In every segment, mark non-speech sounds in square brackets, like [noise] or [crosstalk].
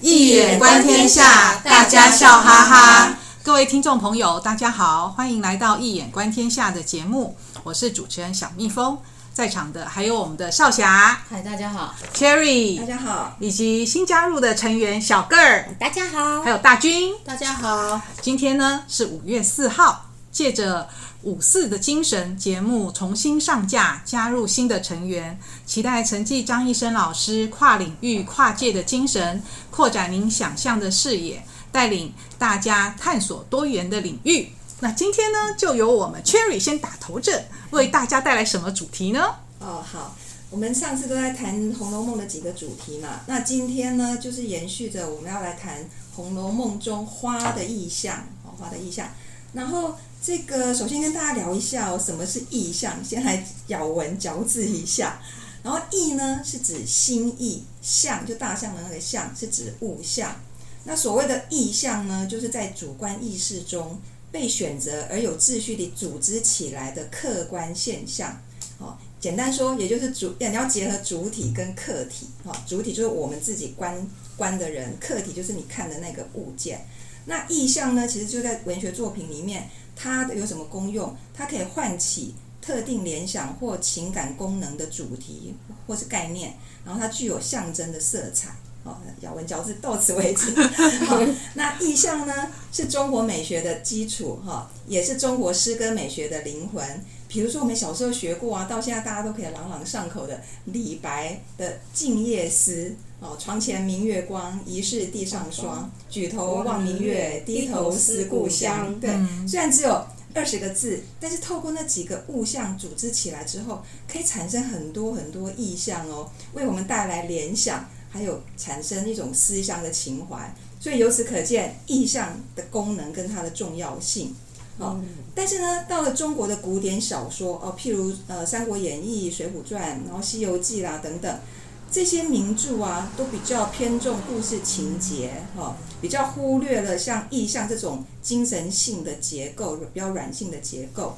一眼觀天下，大家笑哈哈。各位聽眾朋友，大家好，歡迎來到《易眼觀天下》的節目，我是主持人小蜜蜂。在場的還有我們的少俠，嗨，大家好；Cherry，大家好，Cherry, 家好以及新加入的成員小個兒，大家好，還有大軍，大家好。今天呢是五月四號，借着。五四的精神節目重新上架，加入新的成員，期待承繼張易生老師跨領域跨界的精神，擴展您想象的視野，帶領大家探索多元的領域。那今天呢，就由我們 Cherry 先打頭陣，為大家帶來什麼主題呢？哦，好，我們上次都在談《紅樓夢》的幾個主題嘛，那今天呢，就是延續着我們要來談《紅樓夢》中花的意象，花的意象，然後。這個首先跟大家聊一下哦，什麼是意象？先來咬文嚼字一下。然後“意”呢是指心意，“象”就大象的那個“象”，是指物象。那所謂的意象呢，就是在主觀意識中被選擇而有秩序地組織起來的客觀現象。哦，簡單說，也就是主你要結合主體跟客體。哈、哦，主體就是我們自己觀觀的人，客體就是你看的那個物件。那意象呢？其實就在文學作品裡面，它有什麼功用？它可以喚起特定聯想或情感功能的主題或是概念，然後它具有象徵的色彩。哦，咬文嚼字到此為止 [laughs] 好。那意象呢？是中國美學的基礎，哈，也是中國詩歌美學的靈魂。比如說，我們小時候學過啊，到現在大家都可以朗朗上口的李白的《靜夜思》哦，“床前明月光，疑是地上霜。舉頭望明月，低頭思故鄉。”嗯，對，雖然只有二十個字，但是透過那幾個物象組織起來之後，可以產生很多很多意象哦，為我們帶來聯想，還有產生一種思鄉的情懷。所以由此可見，意象的功能跟它的重要性。哦，但是呢，到了中國的古典小說，哦，譬如呃，《三國演義》《水滸傳》，然後《西遊記》啦等等，這些名著啊，都比較偏重故事情節，哦，比較忽略了像意象這種精神性的結構，比較軟性的結構。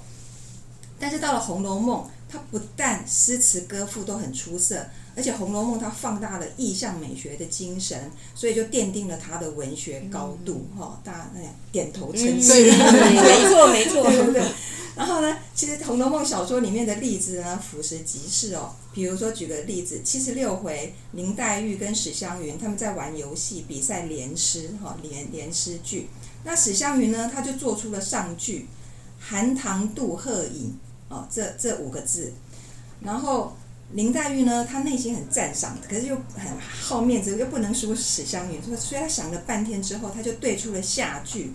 但是到了《紅樓夢》，它不但詩詞歌賦都很出色。而且《紅樓夢》它放大了意象美學的精神，所以就奠定了它的文學高度，哈、嗯哦，大家點頭稱是，嗯 [laughs] 對，沒錯沒錯， [laughs] 對不對？對、對、對。然後呢，其實《紅樓夢》小說裡面的例子呢，俯拾即是哦。比如說，舉個例子，七十六回，林黛玉跟史湘雲他們在玩遊戲，比賽聯詩，哈，聯聯詩句。那史湘雲呢，他就做出了上句“寒塘渡鶴影”，哦，這這五個字，然後。林黛玉呢，她內心很讚賞，可是又很好、嗯、面子，又不能說史湘雲，所以她想了半天之後，她就對出了下句，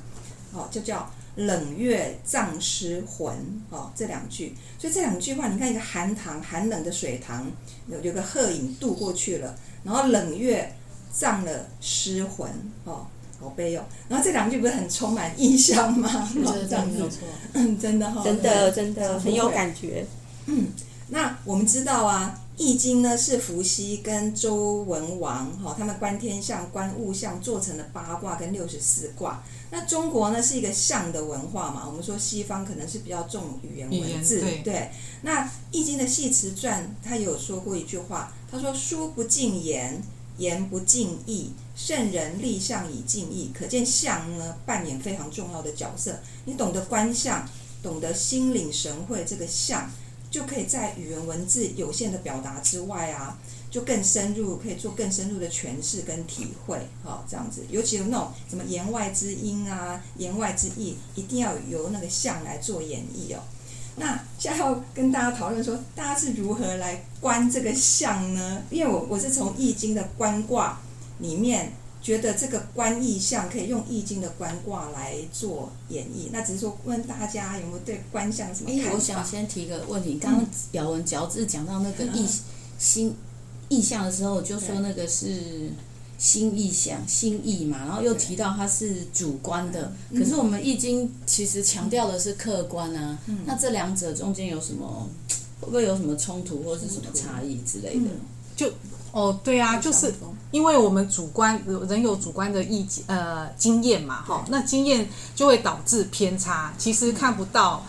哦，就叫“冷月葬詩魂”哦，這兩句，所以這兩句話，你看一個寒塘寒冷的水塘，有有個鶴影渡過去了，然後冷月葬了詩魂哦，好悲哦，然後這兩句不是很充滿意象嗎？真的、哦、真的哈，真的、嗯、真的很有感覺，嗯。那我們知道啊，《易經》呢是伏羲跟周文王哈、哦，他們觀天象、觀物象做成了八卦跟六十四卦。那中國呢是一個象的文化嘛，我們說西方可能是比較重語言文字。對，對，那《易經》的繫辭傳他有說過一句話，他說：“書不盡言，言不盡意，聖人立象以盡意。”可見象呢扮演非常重要的角色。你懂得觀象，懂得心領神會這個象。就可以在語言文字有限的表達之外啊，就更深入，可以做更深入的詮釋跟體會，哈、哦，這樣子，尤其有那種什麼言外之音啊、言外之意，一定要由那個象來做演繹哦。那現在要跟大家討論說，大家是如何來觀這個象呢？因為我我是從《易經》的觀卦裡面。覺得這個觀意象可以用易經的觀卦來做演繹，那只是說問大家有沒有對觀象什麼？哎，我想先提個問題。剛剛咬文嚼字講到那個意心意象的時候，我就說那個是心意象、心意嘛，然後又提到它是主觀的。對可是我們易經其實強調的是客觀啊。嗯、那這兩者中間有什麼，會不會有什麼衝突，或是什麼差異之類的？嗯、就哦，對啊，就是。就是因為我們主觀，人有主觀的意見呃經驗嘛，哈對，那經驗就會導致偏差，其實看不到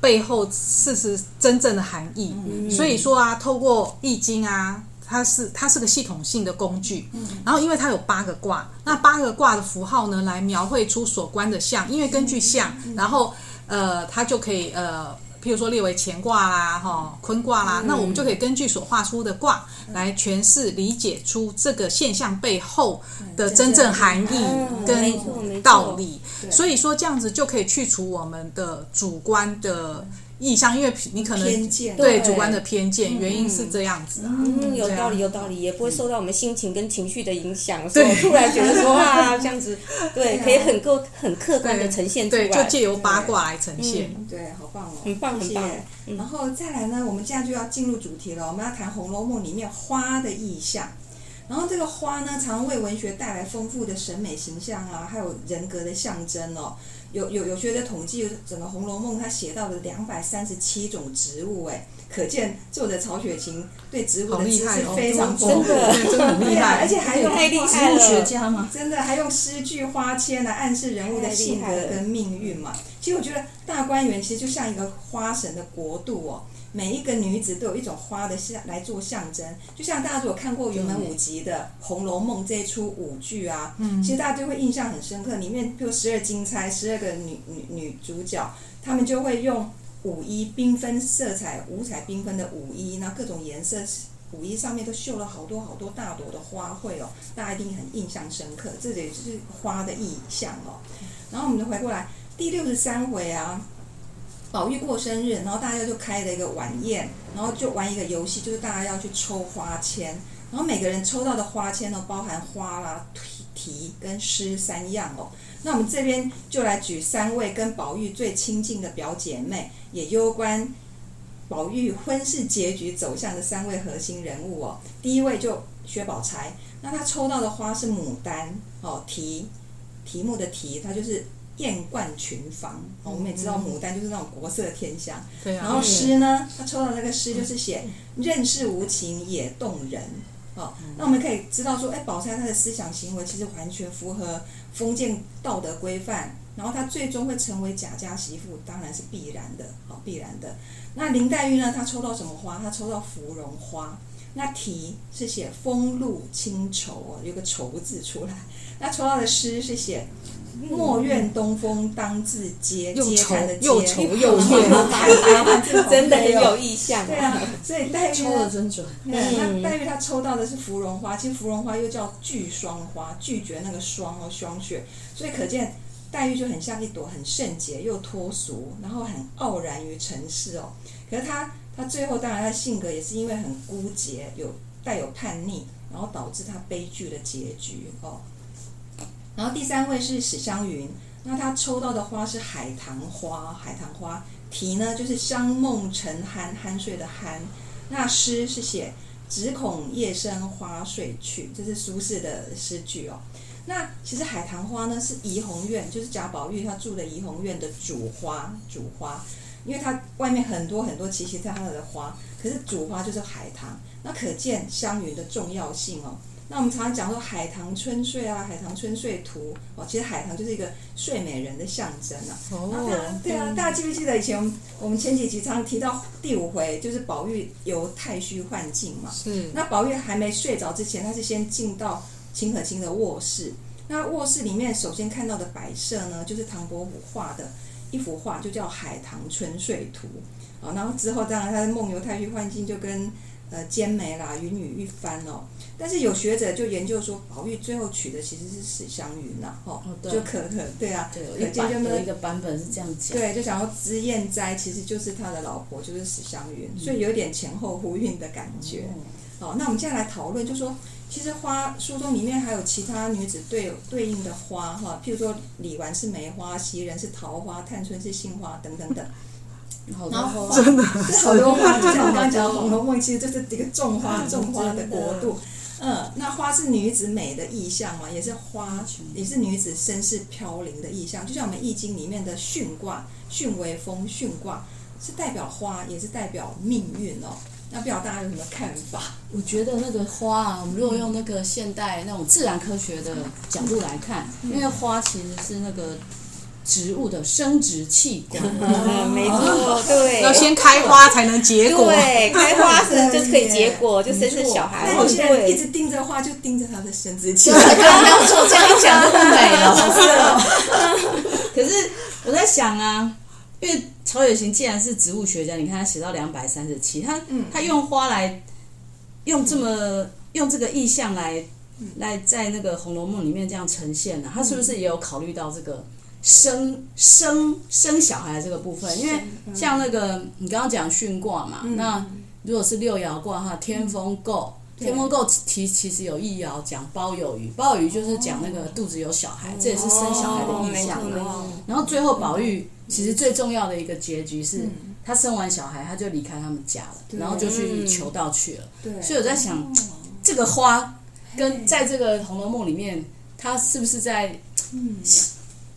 背後事實真正的含義。嗯嗯嗯、所以說啊，透過易經啊，它是它是個系統性的工具，嗯、然後因為它有八個卦，那八個卦的符號呢，來描繪出所觀的象，因為根據象、嗯嗯、然後呃，它就可以呃。比如說列為乾卦啦，哈坤卦啦，嗯、那我們就可以根據所畫出的卦來詮釋、嗯、理解出這個現象背後的真正含義跟道理。所以說這樣子就可以去除我們的主觀的。意象，因為你可能偏見，對主觀的偏見，原因是這樣子。嗯，有道理，有道理，也不會受到我們心情跟情緒的影響，所以突然覺得說啊這樣子，對，可以很夠很客觀的呈現，對，就借由八卦來呈現，對，好棒哦，很棒很棒。然後再來呢，我們現在就要進入主題了，我們要談《紅樓夢》裡面花的意象。然後這個花呢，常為文學帶來豐富的審美形象啊，還有人格的象徵哦。有有有學者統計，整個《紅樓夢》他寫到了兩百三十七種植物，哎。可見作者曹雪芹對植物的知識非常豐富、哦，真的， [laughs] 真的真的厲害，而且還用植物學家真的還用詩句花籤來、啊、暗示人物的性格跟命運嘛？其實我覺得大觀園其實就像一個花神的國度哦，每一個女子都有一種花的象來做象徵，就像大家如果看過雲門舞集的《紅樓夢》這一出舞劇啊，嗯、其實大家就會印象很深刻，裡面比如十二金釵，十二個女女女主角，她們就會用。五一繽紛色彩，五彩繽紛的五一，那各種顏色，五一上面都繡了好多好多大朵的花卉哦，大家一定很印象深刻。這也就是花的意象哦。然後我們就回過來第六十三回啊，寶玉過生日，然後大家就開了一個晚宴，然後就玩一個遊戲，就是大家要去抽花籤，然後每個人抽到的花籤呢、哦，包含花啦、題、跟詩三樣哦。那我們這邊就來舉三位跟寶玉最親近的表姐妹。也攸關寶玉婚事結局走向的三位核心人物哦，第一位就薛寶釵，那他抽到的花是牡丹哦，題，題目的題，他就是艷冠群芳，嗯嗯、哦。我們也知道牡丹就是那種國色天香，嗯嗯，然後詩呢，他抽到那個詩就是寫“嗯嗯任是無情也動人”哦，那我們可以知道說，哎、欸，寶釵她的思想行為其實完全符合封建道德規範。然後她最終會成為賈家媳婦，當然是必然的，好必然的。那林黛玉呢？她抽到什麼花？她抽到芙蓉花。那題是寫風露清愁，有個愁字出來。那抽到的詩是寫、嗯、莫怨東風當自嗟愁，又愁又愁又怨， [laughs] [laughs] 真的很有意象、啊。對啊，所以黛玉抽的真準。那黛玉她抽到的是芙蓉花，其實芙蓉花又叫拒霜花，拒絕那個霜和霜雪。所以可見。黛玉就很像一朵很聖潔又脫俗，然後很傲然於塵世哦。可是她，她最後當然，她性格也是因為很孤潔，有帶有叛逆，然後導致她悲劇的結局哦。然後第三位是史湘雲，那她抽到的花是海棠花，海棠花題呢就是香夢成“香夢沉酣酣睡的酣”，那詩是寫“只恐夜深花睡去”，這是蘇軾的詩句哦。那其實海棠花呢是怡紅院，就是賈寶玉他住的怡紅院的主花，主花，因為他外面很多很多奇奇特特的花，可是主花就是海棠。那可見湘雲的重要性哦。那我們常常講說海棠春睡啊，海棠春睡圖哦，其實海棠就是一個睡美人的象徵呢、啊。哦，對啊，大家記不記得以前我們前幾集常提到第五回，就是寶玉遊太虛幻境嘛。是。那寶玉還沒睡着之前，他是先進到。秦可卿的臥室，那臥室裡面首先看到的擺設呢，就是唐伯虎畫的一幅畫，就叫《海棠春睡圖》。然後之後當然他的夢遊太虛幻境，就跟呃，兼美啦、雲雨一番哦。但是有學者就研究說，寶玉最後娶的其實是史湘雲吶，哈、哦，哦啊、就可可，對啊，對，有一個版本是這樣講，對，就想說脂硯齋其實就是他的老婆，就是史湘雲，嗯、所以有點前後呼應的感覺。好、嗯嗯哦，那我們接下來討論，就說。其實花書中裡面還有其他女子對對應的花哈，譬如說李紈是梅花，襲人是桃花，探春是杏花等等等。好多花、啊、真的好多花，是就像我剛剛講的《是紅樓夢》，其實就是一個種花、啊、種花的國度。嗯，對嗯，那花是女子美的意象嘛、啊，也是花，也是女子身世飄零的意象。就像我們《易經》裡面的巽卦，巽為風，巽卦是代表花，也是代表命運哦。那不知道大家有什麼看法？我覺得那個花啊，我們如果用那個現代那種自然科學的角度來看，因為花其實是那個植物的生殖器官。沒錯，對，要先開花才能結果。對，開花是就可以結果，就生出小孩。我現在一直盯着花，就盯着它的生殖器官。剛剛做這樣一講就很美了。可是我在想啊。因為曹雪芹既然是植物學家，你看他寫到兩百三十七，他他用花來用這麼用這個意象來來在那個《紅樓夢》裡面這樣呈現。他是不是也有考慮到這個生生生小孩這個部分？因為像那個你剛剛講巽卦嘛，那如果是六爻卦哈，天風姤，天風姤其其實有一爻講包有魚，包有魚就是講那個肚子有小孩，這也是生小孩的意象嘛。然後最後寶玉。其實最重要的一個結局是，她生完小孩，她就離開他們家了，然後就去求道去了。所以我在想，這個花跟在這個《紅樓夢》裡面，它是不是在，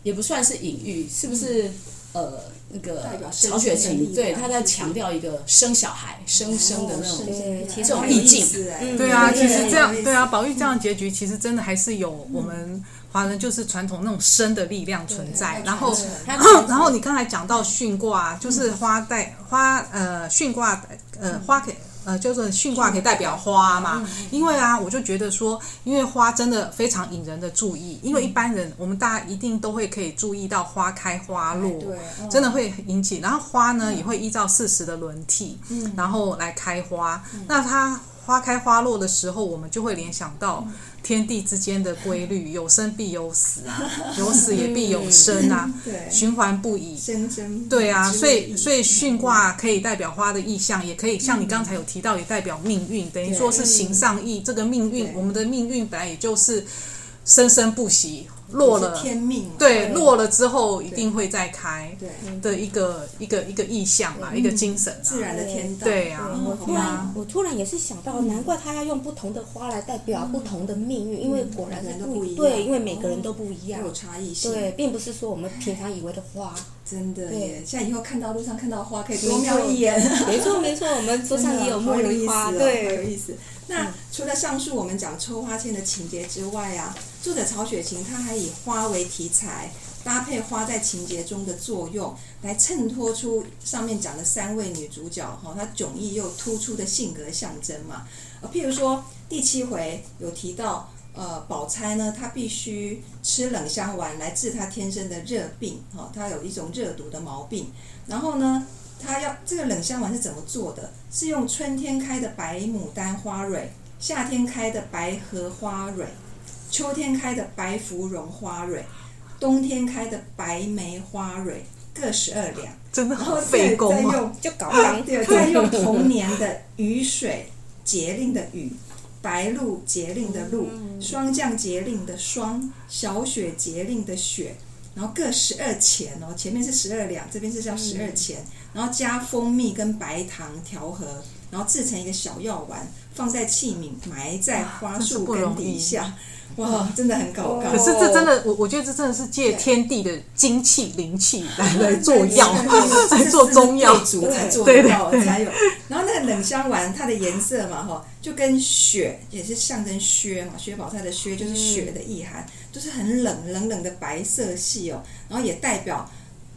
也不算是隱喻，是不是呃那個曹雪芹對他在強調一個生小孩生生的那種這種意境？對啊，其實這樣對啊，寶玉這樣結局其實真的還是有我們。華人就是傳統那種生的力量存在，然後，然後你剛才講到巽卦，就是花帶花呃巽卦呃花可呃就是巽卦可以代表花嘛？因為啊，我就覺得說，因為花真的非常引人的注意，因為一般人我們大家一定都會可以注意到花開花落，真的會引起。然後花呢也會依照四時的輪替，然後來開花。那它花開花落的時候，我們就會聯想到。天地之間的規律，有生必有死啊，有死也必有生啊， [laughs] 對循環不已。對，對啊，所以所以巽卦可以代表花的意象，也可以像你剛才有提到，也代表命運，嗯、等於說是形上意。對這個命運，對我們的命運本來也就是生生不息。落了，天命，對，落了之後一定會再開，對的，一個一個一個意象嘛，一個精神。自然的天道，對啊。我突然，我突然也是想到，難怪他要用不同的花來代表不同的命運，因為果然人都不一樣，對，因為每個人都不一樣，有差異性。對，並不是說我們平常以為的花，真的，對。像以後看到路上看到花可以多瞄一眼，沒錯沒錯，我們桌上也有茉莉花，對，有意思。那。除了上述我們講抽花籤的情節之外啊，作者曹雪芹他還以花為題材，搭配花在情節中的作用，來襯托出上面講的三位女主角哈，她、哦、迥異又突出的性格象徵嘛。呃，譬如說第七回有提到，呃，寶釵呢，她必須吃冷香丸來治她天生的熱病，哈、哦，她有一種熱毒的毛病。然後呢，她要這個冷香丸是怎麼做的？是用春天開的白牡丹花蕊。夏天開的白荷花蕊，秋天開的白芙蓉花蕊，冬天開的白梅花蕊，各十二兩。真的好費工啊！再用，就搞髒掉。 [laughs] 再用同年的雨水節令的雨，白露節令的露，嗯嗯、霜降節令的霜，小雪節令的雪，然後各十二錢哦。前面是十二兩，這邊是叫十二錢，嗯、然後加蜂蜜跟白糖調和。然後制成一個小藥丸，放在器皿，埋在花樹根底下。啊、哇，真的很搞可是這真的，我我覺得這真的是借天地的精氣靈氣來對來，來做藥，來做中藥，才做得到。對對對。對對，然後那個冷香丸，它的顏色嘛，哈，就跟雪也是象徵薛嘛。薛寶釵的薛就是雪的意涵，嗯、就是很冷冷冷的白色系哦。然後也代表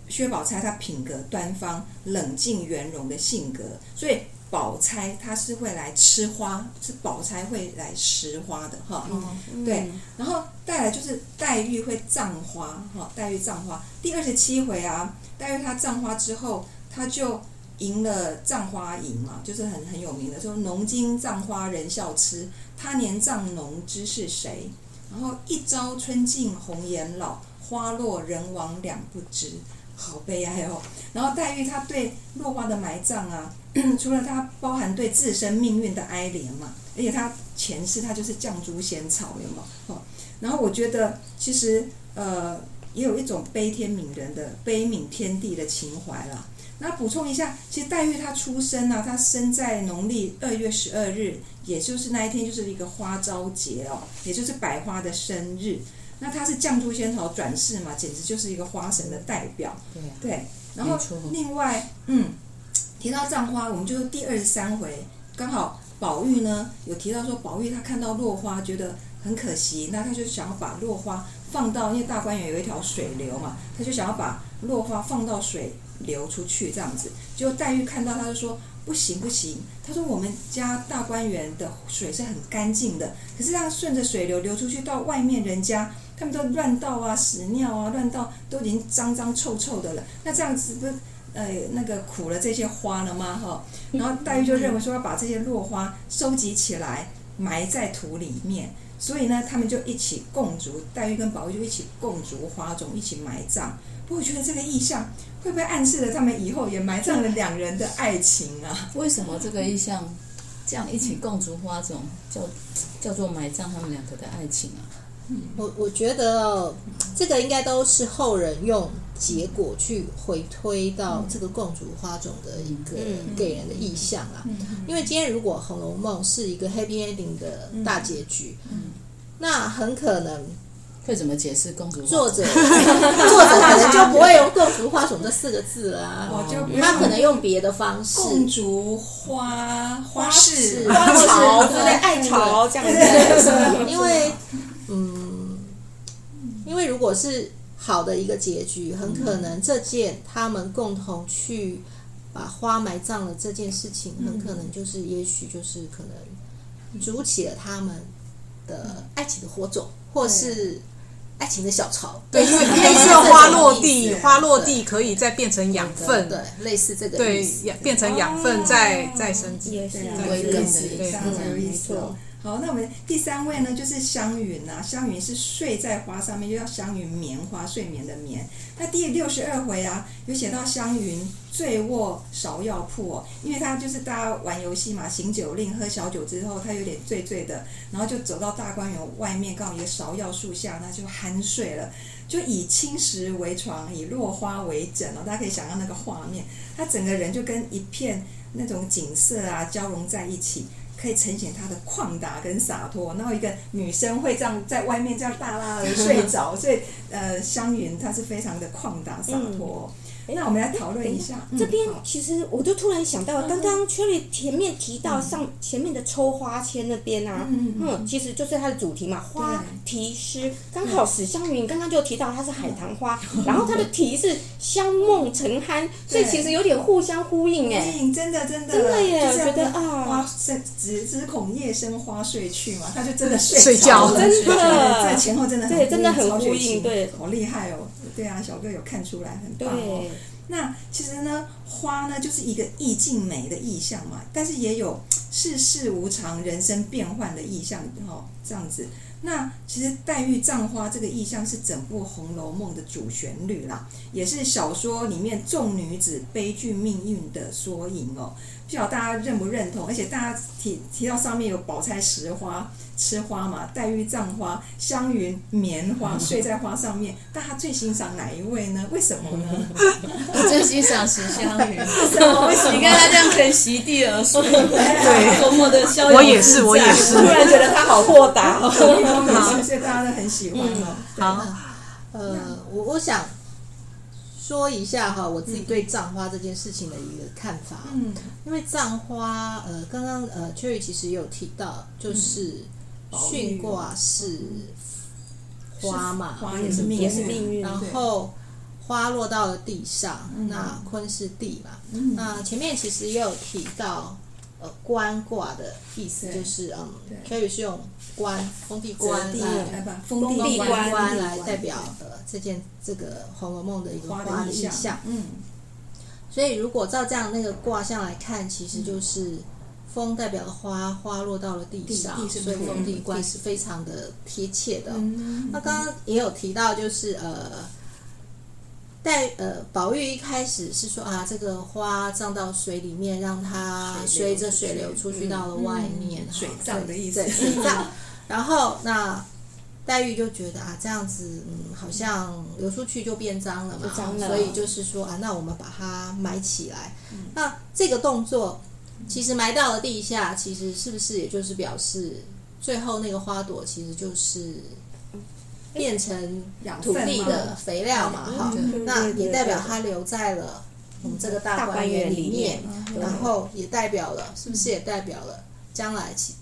薛寶釵她品格端方、冷靜、圓融的性格，所以。寶釵她是會來吃花，是寶釵會來拾花的哈。嗯、對，然後再來就是黛玉會葬花哈，黛玉葬花第二十七回啊，黛玉她葬花之後，她就吟了《葬花吟》嘛，就是很很有名的，說“儂今葬花人笑痴，他年葬儂知是誰？然後一朝春盡紅顏老，花落人亡兩不知。”好悲哀哦，然後黛玉她對落花的埋葬啊，除了她包含對自身命運的哀憐嘛，而且她前世她就是絳珠仙草，有嗎？哦，然後我覺得其實呃，也有一種悲天憫人的悲憫天地的情懷啦、啊。那補充一下，其實黛玉她出生呢、啊，她生在農曆二月十二日，也就是那一天就是一個花朝節哦，也就是百花的生日。那他是絳珠仙草轉世嘛，簡直就是一個花神的代表。對，啊、對，然後另外，錯嗯，提到葬花，我們就是第二十三回，剛好寶玉呢有提到說，寶玉他看到落花覺得很可惜，那他就想要把落花放到因為大觀園有一條水流嘛，他就想要把落花放到水流出去這樣子。就黛玉看到，他就說不行不行，他說我們家大觀園的水是很乾淨的，可是他順着水流流出去到外面人家，他們都亂倒啊，屎尿啊，亂倒，都已經髒髒臭臭的了。那這樣子不，呃，那個苦了這些花了嗎？哈。然後黛玉就認為說要把這些落花收集起來，埋在土裡面。所以呢，他們就一起共築，黛玉跟寶玉就一起共築花冢，一起埋葬。不過我覺得這個意象會不會暗示了他們以後也埋葬了兩人的愛情啊？為什麼這個意象這樣一起共築花冢叫叫做埋葬他們兩個的愛情啊？我我覺得這個應該都是後人用結果去回推到這個共主花種的一個給人的意象啦、啊。因為今天如果《紅樓夢》是一個 happy ending 的大結局，那很可能會怎麼解釋共主花種？作者作者可能就不會用“共主花種”這四個字啦，他可能用別的方式。共主花花式花潮對愛潮這樣子，因為。因為如果是好的一個結局，很可能這件他們共同去把花埋葬了這件事情，很可能就是，也許就是可能，築起了他們的愛情的火種，或是愛情的小巢。對，因為花落地，花落地可以再變成養分，對，類似這個，對，變成養分再再生機，對，對，對，沒錯。好，那我們第三位呢，就是湘雲吶。湘雲是睡在花上面，又叫湘雲眠花睡眠的眠。那第六十二回啊，有寫到湘雲醉臥芍藥鋪。哦，因為他就是大家玩遊戲嘛，行酒令，喝小酒之後，他有點醉醉的，然後就走到大觀園外面，剛好一個芍藥樹下，那就酣睡了。就以青石為床，以落花為枕哦，大家可以想象那個畫面，他整個人就跟一片那種景色啊交融在一起。可以呈現她的曠達跟灑脫，然後一個女生會這樣在外面這樣大拉的睡着， [laughs] 所以呃，湘雲她是非常的曠達灑脫。嗯那我們來討論一下，這邊其實我就突然想到，剛剛 Cherry 前面提到上前面的抽花籤那邊啊，嗯，其實就是它的主題嘛，花題詩。剛好史湘雲剛剛就提到它是海棠花，然後它的題是香夢沉酣，所以其實有點互相呼應，哎，真的真的真的耶，我就覺得啊，花睡只只恐夜深花睡去嘛，他就真的睡覺了，真的，在前後真的很呼應，對，好厲害哦。對啊，小哥有看出來，很棒哦。對那其實呢，花呢就是一個意境美的意象嘛，但是也有世事無常、人生變幻的意象哦，這樣子。那其實黛玉葬花這個意象是整部《紅樓夢》的主旋律啦，也是小說裡面眾女子悲劇命運的縮影哦。不知道大家認不認同？而且大家提提到上面有寶釵食花、吃花嘛，黛玉葬花，湘雲眠花，睡在花上面。大家最欣賞哪一位呢？為什麼呢？我、嗯、 [laughs] 最欣賞史湘雲。你看他這樣可以席地而睡， [laughs] 哎、呀對，多麼的逍遙。我也是，我也是。突然覺得他好豁達，所以大家都很喜歡哦、嗯。好，呃，我我想。說一下哈，我自己對葬花這件事情的一個看法。嗯，因為葬花，呃，剛剛呃，秋雨其實也有提到，就是巽卦、嗯喔、是花嘛，是也是命，對對也是命運。然後花落到了地上，嗯、哼那坤是地嘛。嗯、哼那前面其實也有提到。呃，觀卦的意思就是，嗯，可以是用“觀”風地觀來風地觀來代表對呃這件這個《紅樓夢》的一個花的意象。意象嗯，所以如果照這樣的那個卦象來看，其實就是風代表了花，花落到了地上，地所以風地觀是非常的貼切的哦。地那剛剛也有提到，就是呃。黛呃，寶玉一開始是說啊，這個花葬到水裡面，讓它隨着水，流水流出去，嗯、到了外面，水葬好的意思對。對，水葬 [laughs] 然後那黛玉就覺得啊，這樣子嗯，好像流出去就變髒了嘛，了所以就是說啊，那我們把它埋起來。嗯、那這個動作其實埋到了地下，其實是不是也就是表示最後那個花朵其實就是。變成土地的肥料嘛，哈、欸，那也代表它留在了我們這個大觀園裡面，然後也代表了，是不是也代表了將來期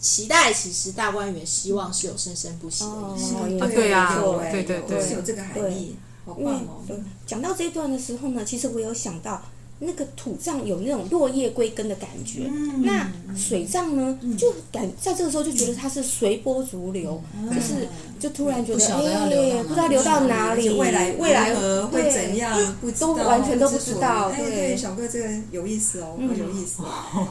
期待？其實大觀園希望是有生生不息的，哦啊，對呀、啊，對對對，是有這個含義。好棒哦。因為講到這一段的時候呢，其實我有想到。那個土葬有那種落葉歸根的感覺，那水葬呢，就感在這個時候就覺得它是隨波逐流，就是就突然覺得哎，不知道流到哪裡，未來未來會怎樣，都完全都不知道。對，對，小哥這個有意思哦，很有意思。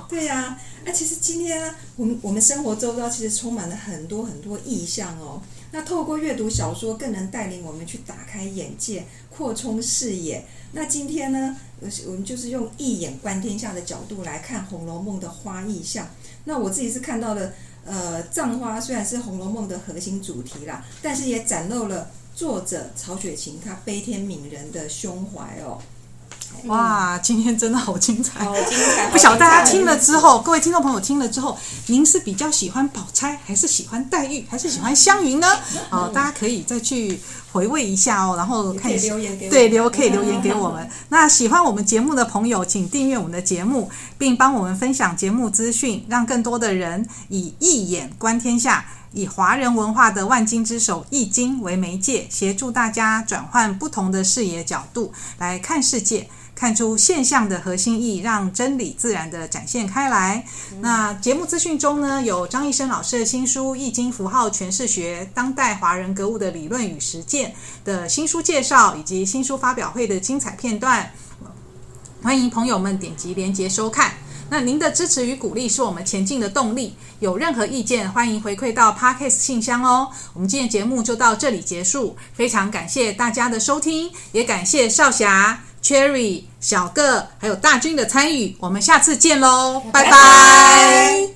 對呀，其實今天我們我們生活周遭其實充滿了很多很多意象哦。那透過閱讀小說，更能帶領我們去打開眼界，擴充視野。那今天呢，我們就是用易眼觀天下的角度來看《紅樓夢》的花意象。那我自己是看到的，呃，葬花雖然是《紅樓夢》的核心主題啦，但是也展露了作者曹雪芹他悲天憫人的胸懷哦。哇，今天真的好精彩！哦、精彩不曉得大家聽了之後，各位聽眾朋友聽了之後，您是比較喜歡寶釵，還是喜歡黛玉，還是喜歡湘雲呢？好、哦、大家可以再去回味一下哦，然後看留言給我，對，留可以留言給我們。哦、那喜歡我們節目的朋友，請訂閱我們的節目，並幫我們分享節目資訊，讓更多的人以易眼觀天下，以華人文化的萬經之首《易經》為媒介，協助大家轉換不同的視野角度來看世界。看出現象的核心意義，讓真理自然的展現開來。那節目資訊中呢，有張易生老師的新書《易經符號詮釋學：當代華人格物的理論與實踐》的新書介紹，以及新書發表會的精彩片段。歡迎朋友們點擊連接收看。那您的支持與鼓勵是我們前進的動力。有任何意見，歡迎回饋到 Parkes 信箱哦。我們今天的節目就到這裡結束，非常感謝大家的收聽，也感謝少俠。Cherry、小個，還有大軍的參與，我們下次見嘍，拜拜。拜拜。